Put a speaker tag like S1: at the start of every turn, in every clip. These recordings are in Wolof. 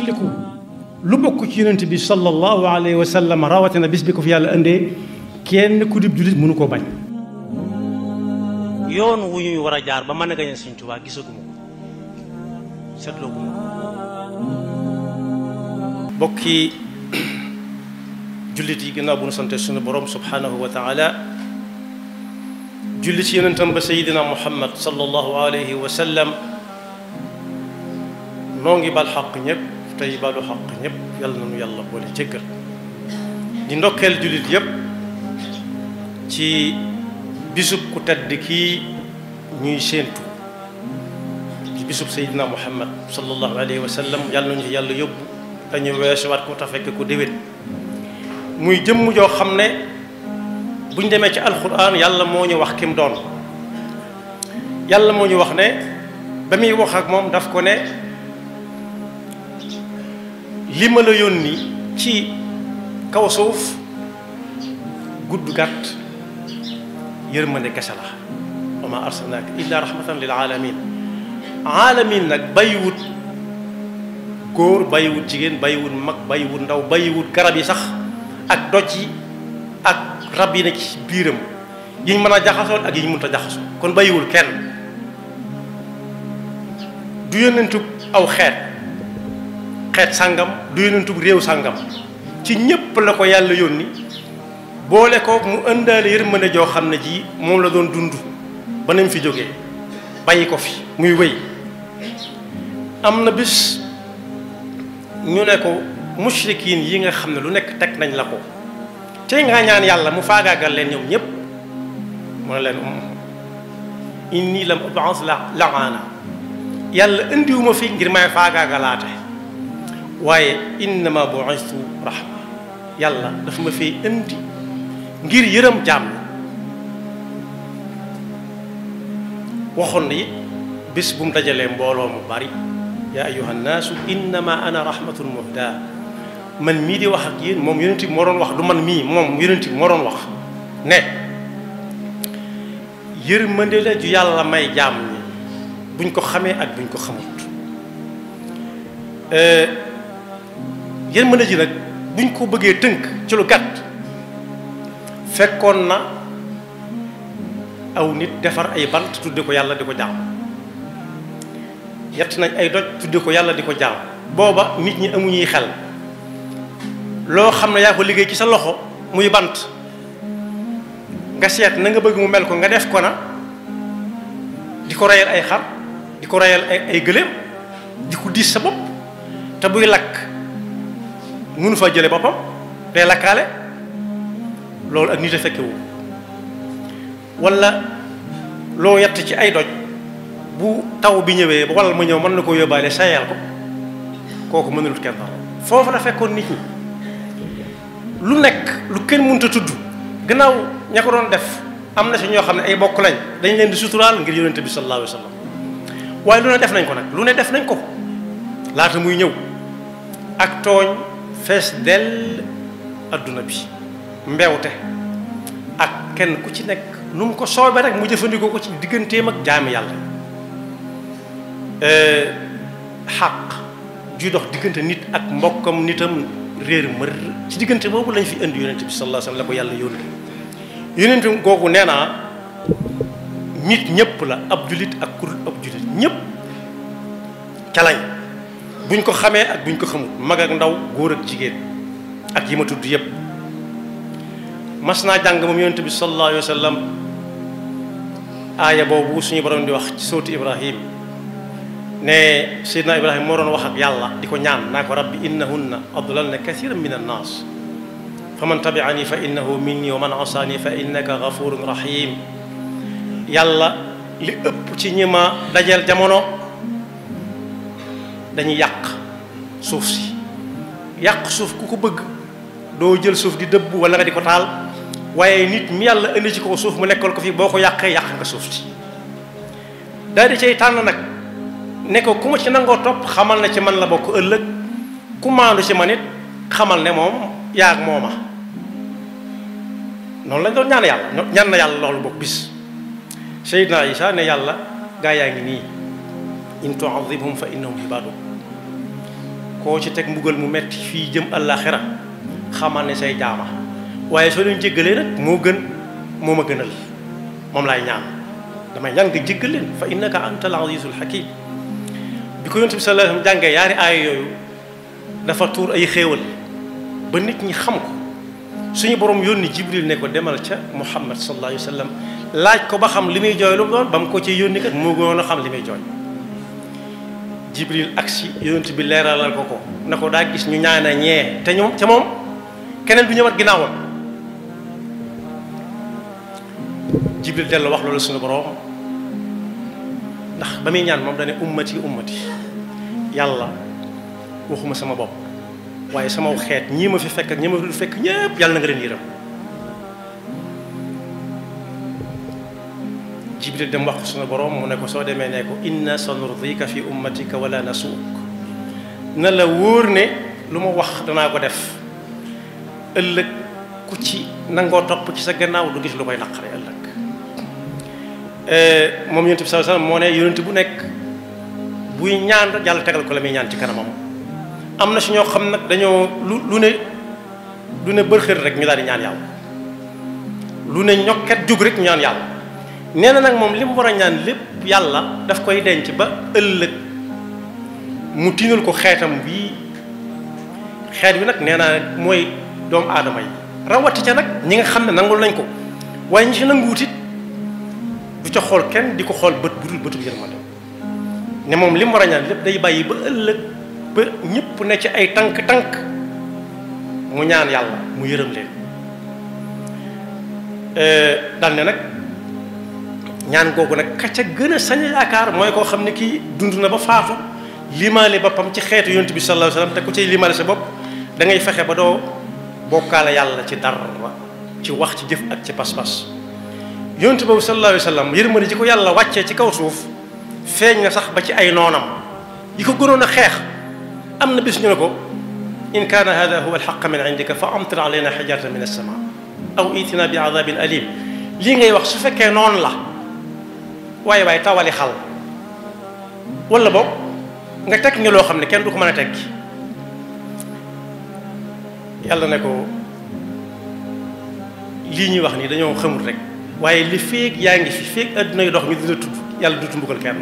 S1: fàttaliku lu bokk ci yonent bi sallallahu alayhi wa sallam rawatina bis bi ko fi yàlla indee kenn ku dib jullit mënu koo bañ. yoon wu ñuy war a jaar ba mën a gañe Sëñ Tuubaa gisaguma ko seetlooguma ko. bokki jullit yi ginnaaw bu nu sante suñu borom subhanahu wa taala julli ci yonentam ba sayidina muhammad sallallahu alayhi wa sallam noo ngi bal xaq ñëpp. tey balu xaq ñëpp yàlla na nu yàlla boole jéggal di ndokkeel jullit yëpp ci bisub ku tedd kii ñuy séentu ci bisub Seydina Muhammad sallallahu alayhi wa sallam yàlla nañu yàlla yóbbu dañu weesuwaat ko tafekk ko déwén muy jëmm joo xam ne buñ demee ci alquran yàlla moo ñu wax ki mu doon yàlla moo ñu wax ne ba muy wax ak moom daf ko ne li ma la yónni ci kaw suuf gudd gàtt yërmande kese la wa maa arsalnaaka illaa rahmatan lil aalamin aalamin nag bàyyiwut góor bàyyiwut jigéen bàyyiwut mag bàyyiwut ndaw bàyyiwut garab yi sax ak doj yi ak rab yi ne ci biiram yi ñu mën a jaxasoon ak yi ñu mënut a jaxasoo kon bàyyiwul kenn du yónnentub aw xeet xeet sàngam du yonentu réew sàngam ci ñépp la ko yàlla yónni boole ko mu mën a joo xam ne ji moom la doon dund ba nañ fi jógee bàyyi ko fi muy wéy am na bis ñu ne ko mushrikiin yi nga xam ne lu nekk teg nañ la ko tey nga ñaan yàlla mu faagaagal leen ñëw ñépp mu ne leen inni lam ub'as la'ana yàlla indiwuma fi ngir may faagaagalaate waaye innama bu'istu rahma yàlla dafa ma fee indi ngir yërëm jàmm waxoon na bés bum dajalee mbooloo mu bari yaa ayyuha nnaasu innama ana rahmatun muhda man mii di wax ak yéen moom yonent moo doon wax du man mii moom yonent bi moo doon wax ne yërmande la ju yàlla may jàmm ni buñ ko xamee ak buñ ko xamut euh, yërmande ji nag buñ ko bëggee tënk ci lu gàtt fekkoon na aw nit defar ay bant tudde ko yàlla di ko jaam yett nañ ay doj tudde ko yàlla di ko jaam booba nit ñi amuñuy xel loo xam ne yaa ko liggéey ci sa loxo muy bant nga seet na nga bëgg mu mel ko nga def ko na di ko reyal ay xar di ko reyal ay gëléem di ko diis sa te buy lakk munu fa jële boppam day lakkaale loolu ak nit a fekkewu wala loo yett ci ay doj bu taw bi ñëwee ba walla ma ñëw mën na koo yóbbaale sayal ko kooku mënulut kenn dara foofu la fekkoon nit ñi lu nekk lu kenn mënut a tudd gannaaw ña ko doon def am na si ñoo xam ne ay bokk lañ dañ leen di suturaal ngir yonente bi sallallahu alayhi wa sallam waaye lu ne def nañ ko nag lu ne def nañ ko laata muy ñëw ak tooñ fees dell adduna bi mbewte ak kenn ku ci nekk nu mu ko soobee rek mu jëfandikoo ko ci digganteem ak jaami yàlla eh, xaq juy dox diggante nit ak mbokkam nitam réer mër ci diggante boobu lañ fi indi yonente bi sallallahu la ko yàlla yónni yonente googu nee naa nit ñëpp la ab julit ak kurul ab julit ñëpp ca buñ ko xamé ak buñ ko xamul mag ak ndaw góor ak jigéen ak yima tuddu tudd yépp jàng mom yoonte bi sallallahu alayhi wasallam aya bobu suñu borom di wax ci sóotu ibrahim ne sidna ibrahim mo doon wax ak yàlla diko ñaan nako rabbi innahunna adlalna kaseeran minan nas faman tabiani fa innahu minni wa man asani fa innaka ghafurur rahim yàlla li ëpp ci ñima ma jamono dañuy yàq suuf si yàq suuf ku ko bëgg doo jël suuf di dëbb wala nga di ko taal waaye nit mi yàlla indi ci kaw suuf mu nekkal ko fii boo ko yàqee yàq nga suuf si daal di tànn nag ne ko ku ma ci nangoo topp xamal na ci man la bokk ëllëg ku maandu ci man it xamal ne moom yaag mooma noonu lañ doon ñaan yàlla ñaan na yàlla loolu bokk bis Seydina Isa ne yàlla gaa yaa ngi nii in tuazibhum fa innahum ibaadu koo ci teg mbugal mu metti fii jëm àllaaxira xamal ne say jaama waaye soo leen jéggalee nag moo gën moo ma gënal moom laay ñaan damay ñaan nga jéggal leen fa innaka antal azizul hakim bi ko yonent bi sallallahu alayhi wasallam jàngee yaari aaya yooyu dafa tuur ay xéewal ba nit ñi xam ko suñu borom yónni jibril ne ko demal ca muhammad sallallahu alayhi wasallam laaj ko ba xam li muy jooy lu doon ba mu ko ci yónni kat moo gënoon a xam li muy jooy jibril aksi yonent bi leeralal ko ko nako da gis ñu ñaana ñe te ñom mom keneen bu ñewat ginaaw jibril del wax lolu suñu borom ndax bamay ñaan mom dañe ummati ummati yalla, waxuma sama bop waye sama xet ñii ma fi fekk ak ñi ma fi fekk ñepp yalla nga leen yiram jibril dem wax ko sunu borom mu ne ko soo demee ne ko inna sanurdika fi ummatika wala nasuuk na la wóor ne lu ma wax danaa ko def ëllëg ku ci nangoo topp ci sa gannaaw du gis lu koy naqare ëllëg moom yonent bi saa sallam moo ne yonent bu nekk buy ñaan yàlla tegal ko la muy ñaan ci kanamam am na si ñoo xam nag dañoo lu lu ne lu ne bërxër rek ñu daal di ñaan yàlla lu ne ñokket jóg rek ñu ñaan yàlla nee na nag moom li war a ñaan lépp yàlla daf koy denc ba ëllëg mu tinul ko xeetam bii xeet wi nag nee naa nag mooy doomu aadama yi rawati ca nag ñi nga xam ne nangul nañ ko waaye ñi ci nanguwut du ca xool kenn di ko xool bët bu dul bëtub ne moom li mu war a ñaan lépp day bàyyi ba ëllëg ba ñëpp ne ci ay tànk-tànk mu ñaan yàlla mu yërëm leen euh, dal ne nag ñaan googu nak ka ca gën a sañ a yaakaar mooy koo xam ne na ba faafu limale bopam ci xeetu yoonte bi sallallahu alayhi wasallam te ku ci limale sa bop da ngay fexe ba do bokkala yàlla ci dar ci wax ci jëf ak ci pass pass yoonte bi sallallahu alayhi wasallam yërmande ci ko yàlla wacce ci kaw suuf feñ na sax ba ci ay nonam yi gënon na xex amna bis ñu ne ko in kaana hada huwa alxaq min indika fa amtir alayna xajaratan min alsama aw itina bi adabin alim lii ngay wax su fekke non la waye waaye tawali xal wala bok nga tek ñu lo xamne kenn du ko mëna tek yàlla ne ko li ñi wax ni dañoo xamul rek waye li feek yaangi ngi fi feeg adduna yu dox mi dina tuddu yàlla duutu mbugal kenn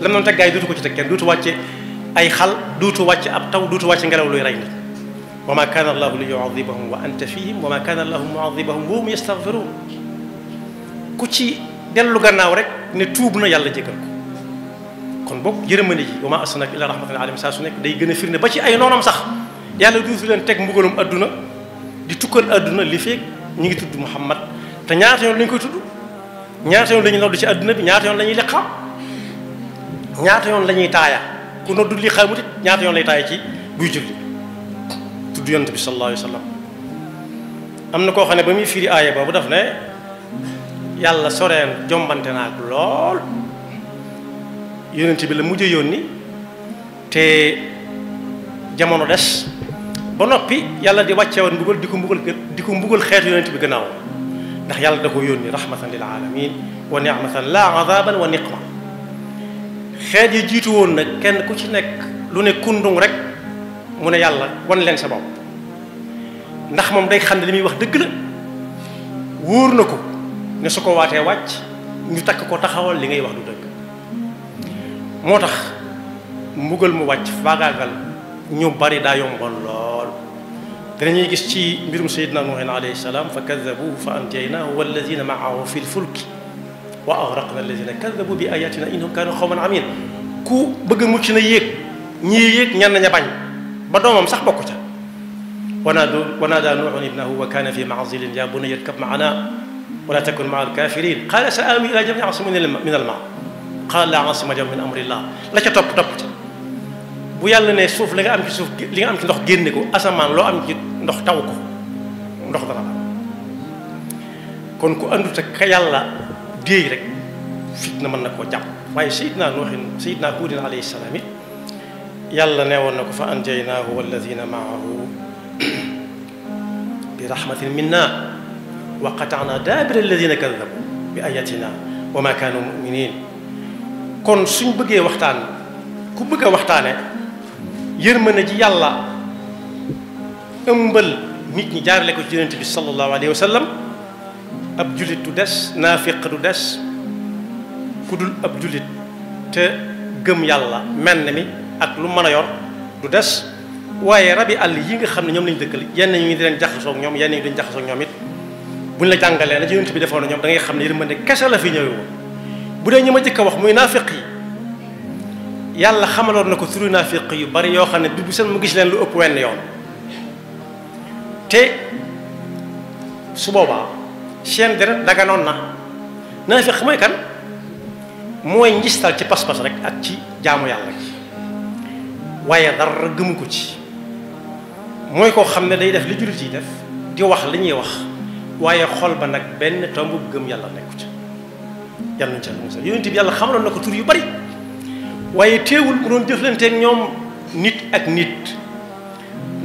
S1: lam non noonu teggaay duutu ko ci tek kenn duutu wàcce ay xal duutu wàcce ab taw duutu wàcce ngelaw luy ray nit wa ma kaana allahu li yuadibahum wa anta fihim wa ma kaana allahu muadibahum wa hum yastaghfiruun ku ci dellu gannaaw rek ne tuub na yàlla jégal ko kon boog yërëmane ji wa maa arsalnaaka illaa rahmatan lil aalamiin saa su nekk day gën a firnde ba ci ay noonam sax yàlla duutu leen teg mbugalum adduna di tukkal adduna li feeg ñu ngi tudd Muhammad te ñaata yoon la ñu koy tudd ñaata yoon la ñuy ci adduna bi ñaata yoon la ñuy liqaam ñaata yoon la ñuy taaya ku noddu liqaamut it ñaata yoon lay taaya ci buy julli tudd yonent bi sallallahu alayhi am na koo xam ne ba muy firi aaya boobu daf ne yàlla soreel jombante naa ko lool yónnent bi la mujj yónni te jamono des ba noppi yàlla di wàcce woon mbugal di ko mbugal di ko mbugal xeetu yónnent bi gannaaw ndax yàlla da ko yónni rahmatan lil alamin wa ni'matan la azaban wa niqma xeet yi jiitu woon nag kenn ku ci nekk lu ne kundung rek mu ne yàlla wan leen sa bopp ndax moom day xam ne wax dëgg la wóor na ko ne su ko waatee wàcc ñu tak ko taxawal li ngay wax du dëgg motax tax mbugal mu wàcc fagaagal ñu bari daa yomboon lool dañuy gis ci mbirum sayidna nuuhin alayhi salaam fa kadabuhu fa anjaynaahu walladina maahu fil fulk wa aghraqna alladhina kadabu bi ayatina innahum kanu xawman amin ku bëgg mucc na yek ñi yek ñan naña bañ ba doomam sax bokk ca wanaa wanaadaa nuuhun ibnahu wa kaana fi maazilin yaa bunayya rkab maanaa ولا تكن مع الكافرين قال سآوي إلى جبل عاصم من الماء قال لا عاصم اليوم من أمر الله la ca topp topp ca bu yàlla ne suuf la nga am ci suuf li nga am ci ndox génne ko asamaan loo am ci ndox taw ko ndox dara la kon ku andut ak ka yàlla déey rek fitna mën na koo jàpp waaye sayidna nuuxin sayidna huudin alayhi salaam it yàlla nee woon na ko fa anjaynaahu walladina maahu bi rahmatin minna وقطعنا دابر الذين كذبوا بآياتنا وما كانوا مؤمنين كون سن بغي وقتان كو بغي وقتان يرمنا جي يالا امبل نيت جار لكو جيرنت بي صلى الله عليه وسلم اب جوليت نافق دو داس كودول اب جوليت ت گم يالا يور دو داس waye rabi all yi nga xamne ñom lañu dëkkal yeen ñi di leen jaxaso ak buñ la jàngalee la ci yonent bi defoon ñoom da ngay xam ne yërmande kese la fi ñëwee woon bu dee ñi ma jëkk a wax muy naafiq yi yàlla xamaloon na ko turu naafiq yu bari yoo xam ne bi bu seen mu gis leen lu ëpp wenn yoon te su boobaa seen deret daganoon na naafiq mooy kan mooy njistal ci pas-pas rek ak ci jaamu yàlla gi waaye dara gëmu ko ci mooy koo xam ne day def li jullit yi def di wax li ñuy wax waaye xol ba nag benn tomb gëm yàlla nekku ca yàlla nañ ca musal yonent bi yàlla xamaloon na ko tur yu bari waaye teewul mu doon jëflanteeg ñoom nit ak nit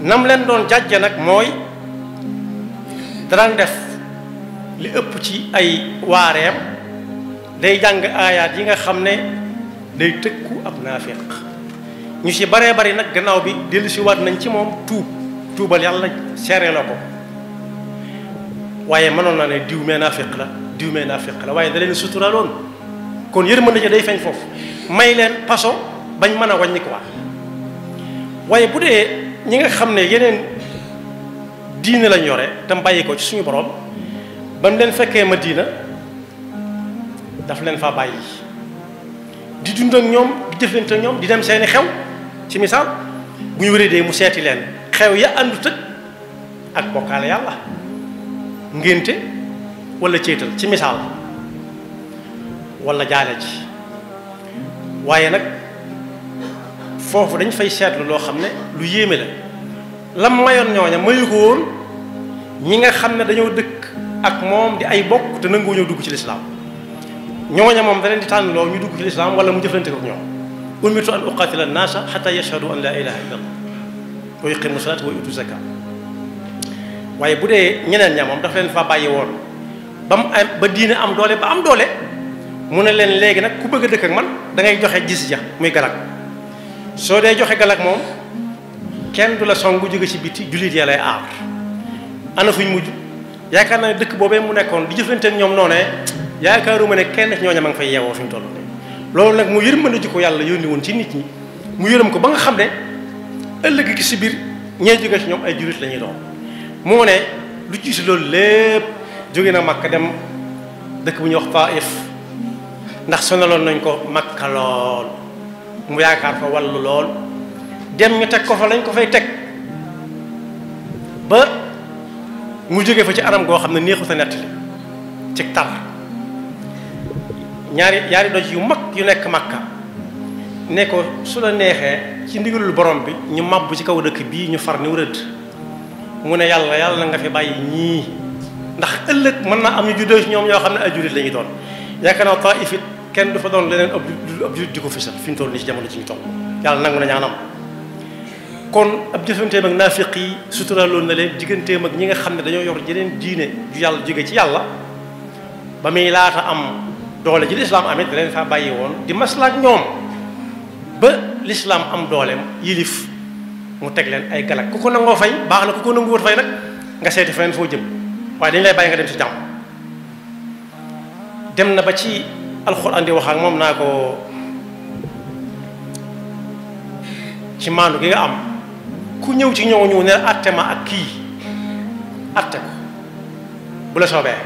S1: nam leen doon jàjje nag mooy daraan def li ëpp ci ay waareem day jàng aayaat yi nga xam ne day tëkku ab naafiq ñu ci baree bari nag gannaaw bi dellusiwaat nañ ci moom tuub tuubal yàlla seere la ko waaye mënoon naa ne diw mee naa feq la diw mee naa feq la waaye da leen suturaaloon kon yërmande ja day feeñ foofu may leen paso bañ mën a wàññi quoi waaye bu dee ñi nga xam ne yeneen diine lañ yore tam bàyyi ko ci suñu borom ba mu leen fekkee ma diina daf leen fa bàyyi di dund ak ñoom di jëflante ñoom di dem seeni xew ci misaal bu ñu mu seeti leen xew ya àndut ak bokkaale yàlla ngénte wala céetal ci misaal wala jaale ci waaye nag foofu dañ fay seetlu loo xam ne lu yéeme la lam mayoon ñooña mayu woon ñi nga xam ne dañoo dëkk ak moom di ay bokk te nanguwu ñëw dugg ci lislaam ñooña moom da leen di tànn loo ñu dugg ci lislaam wala mu jëflante ko ñoom umirtu an uqaatila annaasa xata yashhadu an laa ilaha illa allah wa yuqimu salaat wa yutu zakat waaye bu dee ñeneen ña moom dafa leen fa bàyyi woon ba mu am ba diine am doole ba am doole mu ne leen léegi nag ku bëgg a dëkk ak man da ngay joxe gis ja muy galak soo dee joxe galak moom kenn du la song bu jóge ci biti jullit ya lay aar ana fuñ mujj yaakaar naa dëkk boobee mu nekkoon di ñoom ak yaakaar noonee yaakaaruma ne kenn ñoo ñooña ma nga fay yeewoo fi mu toll loolu nag mu yërmande ji ko yàlla yónni woon ci nit ñi mu yërëm ko ba nga xam ne ëllëg gi ci biir ñee jóge ci ñoom ay jullit la ñuy mu ne lu jiitu loolu lépp jóge na Makka dem dëkk bu ñuy wax Taif ndax sonaloon nañ ko Makka lool mu yaakaar fa wàllu lool dem ñu teg ko fa lañ ko fay teg ba mu jóge fa ci anam goo xam ne neexu sa nettali ci tar ñaari ñaari doj yu mag yu nekk Makka ne ko su la neexee ci ndigalul borom bi ñu mabbu ci kaw dëkk bii ñu far niw rëdd mu ne yàlla yàlla na nga fi bàyyi ñii ndax ëllëg mën naa am ñu juddoo ci ñoom ñoo xam ne ay jullit la ñuy doon yaakaar naa Taif it kenn du fa doon leneen ab ab jullit fi ñu toll nii ci jamono ci ñu toll yàlla nangu na ñaanam kon ab jëfanteem ak naafiq yi suturaaloon na leen digganteem ak ñi nga xam ne dañoo yor jeneen diine ju yàlla jóge ci yàlla ba muy laata am doole ji lislaam amit da leen faa bàyyi woon di maslaak ñoom ba lislaam am dooleem yilif mu teg leen ay galak ku ko nangoo fay baax na ku ko nanguwut fay nag nga seeti feneen foo jëm waaye dañ lay bàyyi nga dem ci jàmm dem na ba ci alxuraan di wax ak moom naa ko ci maandu gi nga am ku ñëw ci ñooñu ne atte ma ak kii atte ko bu la soobee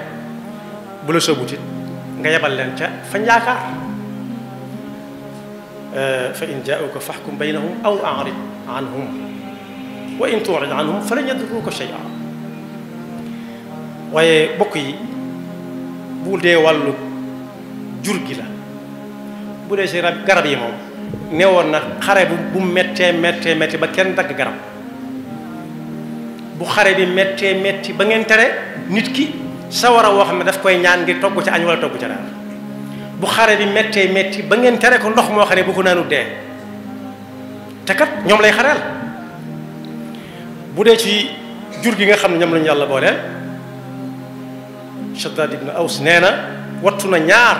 S1: bu la soobutit nga yebal leen ca fañ yaakaar fa in jaauka faxkum baynahum aw arid anhum wa in turid anhum falan yadurruka shay'a waaye bokk yi bu dee jur gi la bu dee si garab yi moom newoon na xare bu bu méttee méttee métti ba kenn dagg garab bu xare bi méttee métti ba ngeen tere nit ki sawara woo xam ne daf koy ñaan ngir togg ca añ wala ca bu xare bi méttee métti ba ngeen tere ko ndox moo xam ne bu ko naanu dee te kat ñoom lay xareel bu dee ci jur gi nga xam ne ñoom lañu yàlla booleel Shaddad ibn Aws nee na wattu na ñaar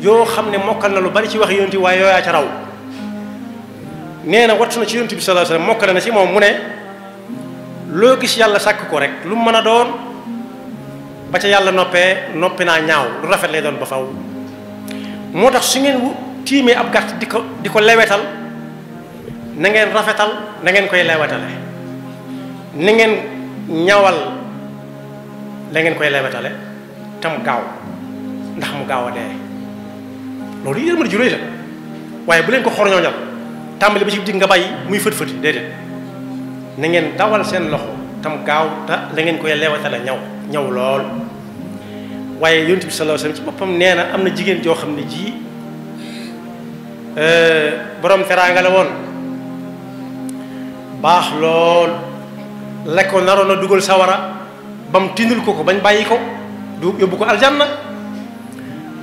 S1: yoo xam ne mokkal na lu bari ci wax yonent waaye yooyaa ca raw nee na wattu na ci yonent bi sallallahu alayhi wasallam na ci moom mu ne loo gis yàlla sàkk ko rek lu mu mën a doon ba ca yàlla noppee noppi naa ñaaw lu rafet lay doon ba faw moo tax su ngeen tiimee ab gàtt di ko di ko lewetal na ngeen rafetal na ngeen koy lewetale ni ngeen ñawal la ngeen koy lewetale te mu gaaw ndax mu gaaw a dee loolu yërmande ju rëy la waaye bu leen ko xorñooñal tàmbali ba ci digg nga bàyyi muy fët-fëti déedéet na ngeen dawal seen loxo tam gaaw te la ngeen koy lewetale ñaw ñaw lool waaye yonent bi sallallahu alayhi wasallam ci boppam nee na am na jigéen joo xam ne ji euh, borom teraanga la woon baax lool la ko naroon a dugal sawara ba mu tindul ko ko bañ bàyyi ko du yóbbu ko aljanna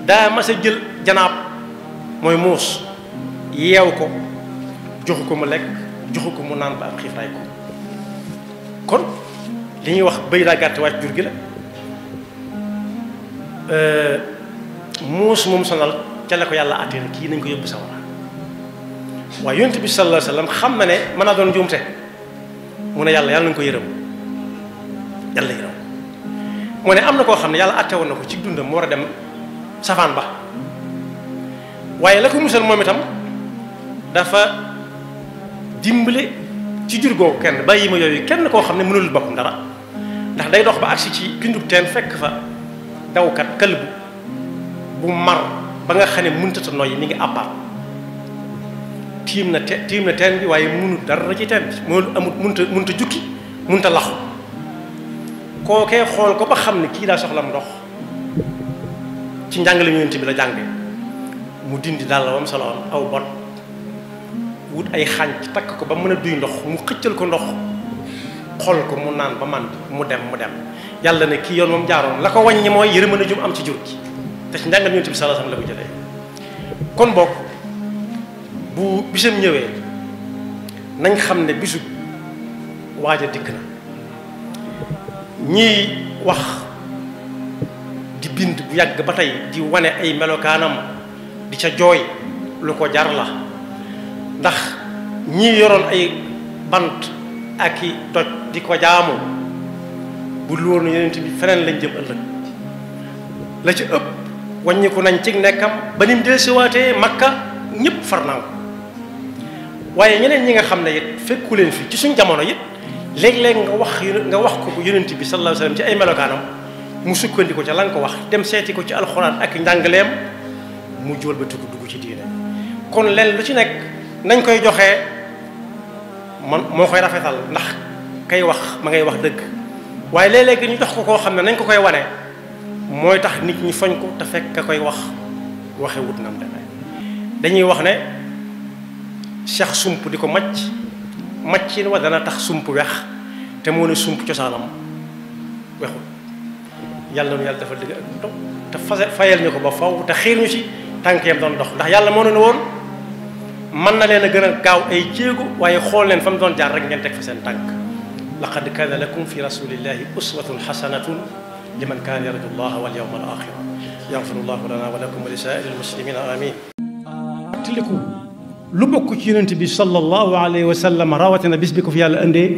S1: daa mas jël janaab mooy muus yeew ko joxu ko mu lekk joxu ko mu naan ba am xiif ray ko kon li ñuy wax bëy daa gàtt wàcc jur gi la Euh, muus moom sonal ca la ko yàlla àttee kii nañ ko yóbbu sawara waaye yonent bi sallallahu alayhi xam na ne mën naa doon yàlla yàlla nañu ko yërëm yàlla yërëm mu ne am na koo xam ne yàlla àtte woon na ko ci dundam mu war a dem safaan ba waaye la ko musal moom itam dafa dimbale ci jur googu kenn bàyyi ma yooyu kenn koo xam ne mënul boppam dara ndax day dox ba agsi ci gindub fekk fa dawkat këlbu bu mar ba nga xam ne mënutata noyyi mi ngi àbbaat tiim na te tiim na teen bi waaye mënu dara ci teen bi moo amut munta mënuta jukki mënuta laxu kookee xool ko ba xam ne kii daa soxlam ndox ci njàngale yonent bi la bi mu dindi daal la wam soloon aw bot wut ay xànc takk ko ba mën a duy ndox mu xëccal ko ndox xool ko mu naan ba man mu dem mu dem yàlla ne kii yoon moom jaaroon la ko wàññi mooy mën a mu am ci jur gi te ci njàngal yonent bi sallallahu alayhi wasallam la ko jëlee kon bokk bu bisam ñëwee nañ xam ne bisu waaja dikk na ñiy wax di bind bu yàgg ba tey di wane ay melokaanam di ca jooy lu ko jar la ndax ñii yoroon ay bant ak i toj di ko jaamu bu dul woon yonent bi feneen lañ jëm ëllëg la ci ëpp wàññiku nañ ci nekkam ba nim dellusiwaatee makka ñëpp far naa ko waaye ñeneen ñi nga xam ne it fekku leen fi ci suñ jamono it léeg-léeg nga wax nga wax ko bu yonent bi sallallahu alayhi wasallam ci ay melokaanam mu sukkandiku ca lañ ko wax dem seeti ko ci alxuraan ak njàngaleem mu jóol ba tukku dugg ci diine kon leen lu ci nekk nañ koy joxe man moo koy rafetal ndax kay wax ma ngay wax dëgg waaye léeg-léeg ñu jox ko koo xam ne nañ ko koy wane mooy tax nit ñi foñ ko te fekk ka koy wax waxe wut nam demee dañuy wax ne cheikh sump di ko macc maccin wa dana tax sump wex te moo ne sump cosaanam wexul yàlla nu dafa dëgg ak topp te ñu ko ba faw te xiir ñu ci tànk yam doon dox ndax yàlla moo ne woon man na leen a gën a gaaw ay jéego waaye xool leen fa doon jaar rek ngeen teg fa seen tànk لقد كان لكم في رسول الله أسوة حسنة لمن كان يرجو الله واليوم الآخر يغفر الله لنا ولكم ولسائر المسلمين آمين تلكم لبكو كيرنت بي صلى الله عليه وسلم راوتنا بسبكو في الأندي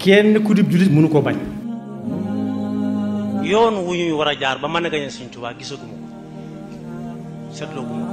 S1: كين كدب جلد منوكو بني يون ويون ورجار بمانا غيان سنتوا كيسو كمو سيطلو كمو